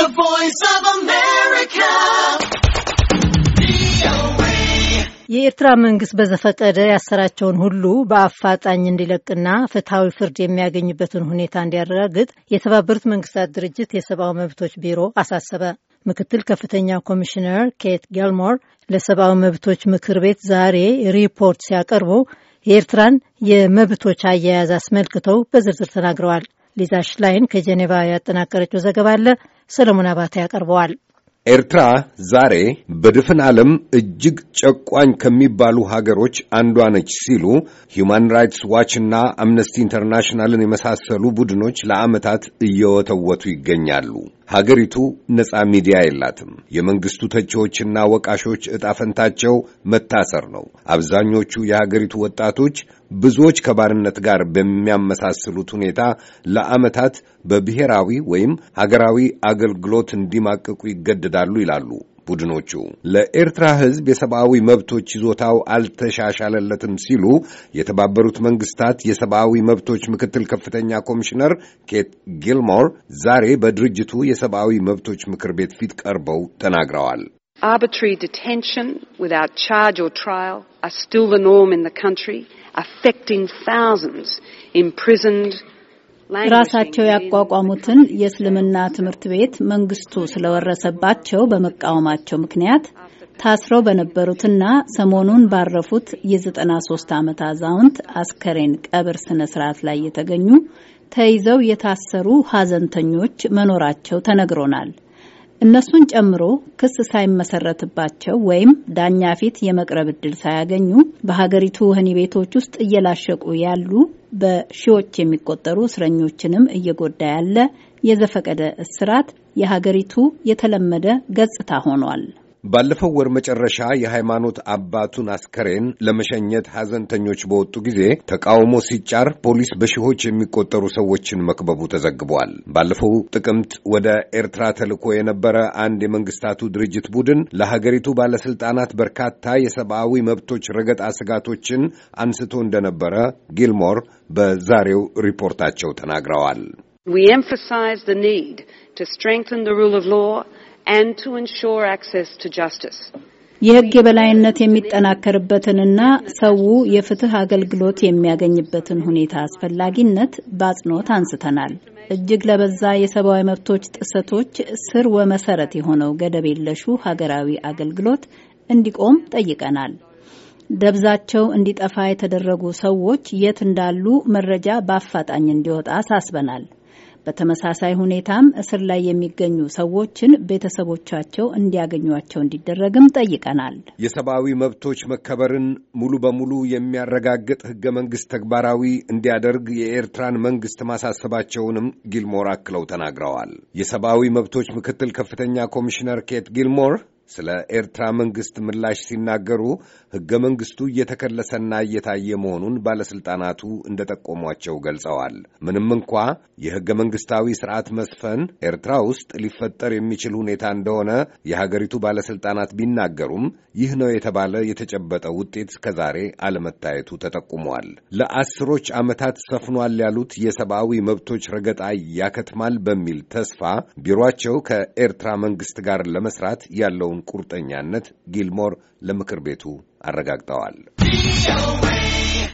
The Voice of America. የኤርትራ መንግስት በዘፈቀደ ያሰራቸውን ሁሉ በአፋጣኝ እንዲለቅና ፍትሐዊ ፍርድ የሚያገኝበትን ሁኔታ እንዲያረጋግጥ የተባበሩት መንግስታት ድርጅት የሰብአዊ መብቶች ቢሮ አሳሰበ። ምክትል ከፍተኛ ኮሚሽነር ኬት ጌልሞር ለሰብአዊ መብቶች ምክር ቤት ዛሬ ሪፖርት ሲያቀርቡ የኤርትራን የመብቶች አያያዝ አስመልክተው በዝርዝር ተናግረዋል። ሊዛ ሽላይን ከጄኔቫ ያጠናቀረችው ዘገባ አለ። ሰለሞን አባተ ያቀርበዋል። ኤርትራ ዛሬ በድፍን ዓለም እጅግ ጨቋኝ ከሚባሉ ሀገሮች አንዷ ነች ሲሉ ሁማን ራይትስ ዋችና አምነስቲ ኢንተርናሽናልን የመሳሰሉ ቡድኖች ለዓመታት እየወተወቱ ይገኛሉ። ሀገሪቱ ነጻ ሚዲያ የላትም። የመንግስቱ ተቺዎችና ወቃሾች ዕጣ ፈንታቸው መታሰር ነው። አብዛኞቹ የሀገሪቱ ወጣቶች ብዙዎች ከባርነት ጋር በሚያመሳስሉት ሁኔታ ለዓመታት በብሔራዊ ወይም ሀገራዊ አገልግሎት እንዲማቅቁ ይገደዳሉ ይላሉ ቡድኖቹ ለኤርትራ ሕዝብ የሰብአዊ መብቶች ይዞታው አልተሻሻለለትም ሲሉ የተባበሩት መንግስታት የሰብአዊ መብቶች ምክትል ከፍተኛ ኮሚሽነር ኬት ጊልሞር ዛሬ በድርጅቱ የሰብአዊ መብቶች ምክር ቤት ፊት ቀርበው ተናግረዋል። arbitrary detention without charge or trial are still the norm in the country, affecting thousands imprisoned ራሳቸው ያቋቋሙትን የእስልምና ትምህርት ቤት መንግስቱ ስለወረሰባቸው በመቃወማቸው ምክንያት ታስረው በነበሩትና ሰሞኑን ባረፉት የ93 ዓመት አዛውንት አስከሬን ቀብር ስነ ስርዓት ላይ የተገኙ ተይዘው የታሰሩ ሀዘንተኞች መኖራቸው ተነግሮናል። እነሱን ጨምሮ ክስ ሳይመሰረትባቸው ወይም ዳኛ ፊት የመቅረብ እድል ሳያገኙ በሀገሪቱ ወህኒ ቤቶች ውስጥ እየላሸቁ ያሉ በሺዎች የሚቆጠሩ እስረኞችንም እየጎዳ ያለ የዘፈቀደ እስራት የሀገሪቱ የተለመደ ገጽታ ሆኗል። ባለፈው ወር መጨረሻ የሃይማኖት አባቱን አስከሬን ለመሸኘት ሐዘንተኞች በወጡ ጊዜ ተቃውሞ ሲጫር ፖሊስ በሺዎች የሚቆጠሩ ሰዎችን መክበቡ ተዘግቧል። ባለፈው ጥቅምት ወደ ኤርትራ ተልኮ የነበረ አንድ የመንግስታቱ ድርጅት ቡድን ለሀገሪቱ ባለስልጣናት በርካታ የሰብአዊ መብቶች ረገጣ ስጋቶችን አንስቶ እንደነበረ ጊልሞር በዛሬው ሪፖርታቸው ተናግረዋል። We emphasize the need to strengthen the rule of law and to ensure access to justice. የበላይነት የሚጠናከርበትንና ሰው የፍትህ አገልግሎት የሚያገኝበትን ሁኔታ አስፈላጊነት በአጽንኦት አንስተናል። እጅግ ለበዛ የሰብአዊ መብቶች ጥሰቶች ስር ወመሰረት የሆነው ገደብ የለሹ ሀገራዊ አገልግሎት እንዲቆም ጠይቀናል። ደብዛቸው እንዲጠፋ የተደረጉ ሰዎች የት እንዳሉ መረጃ በአፋጣኝ እንዲወጣ አሳስበናል። በተመሳሳይ ሁኔታም እስር ላይ የሚገኙ ሰዎችን ቤተሰቦቻቸው እንዲያገኟቸው እንዲደረግም ጠይቀናል። የሰብአዊ መብቶች መከበርን ሙሉ በሙሉ የሚያረጋግጥ ህገ መንግስት ተግባራዊ እንዲያደርግ የኤርትራን መንግስት ማሳሰባቸውንም ጊልሞር አክለው ተናግረዋል። የሰብአዊ መብቶች ምክትል ከፍተኛ ኮሚሽነር ኬት ጊልሞር ስለ ኤርትራ መንግሥት ምላሽ ሲናገሩ ሕገ መንግሥቱ እየተከለሰና እየታየ መሆኑን ባለሥልጣናቱ እንደጠቆሟቸው ገልጸዋል። ምንም እንኳ የሕገ መንግሥታዊ ሥርዓት መስፈን ኤርትራ ውስጥ ሊፈጠር የሚችል ሁኔታ እንደሆነ የሀገሪቱ ባለሥልጣናት ቢናገሩም ይህ ነው የተባለ የተጨበጠ ውጤት እስከዛሬ አለመታየቱ ተጠቁሟል። ለአስሮች ዓመታት ሰፍኗል ያሉት የሰብአዊ መብቶች ረገጣ ያከትማል በሚል ተስፋ ቢሮአቸው ከኤርትራ መንግሥት ጋር ለመስራት ያለውን ያላቸውን ቁርጠኛነት ጊልሞር ለምክር ቤቱ አረጋግጠዋል።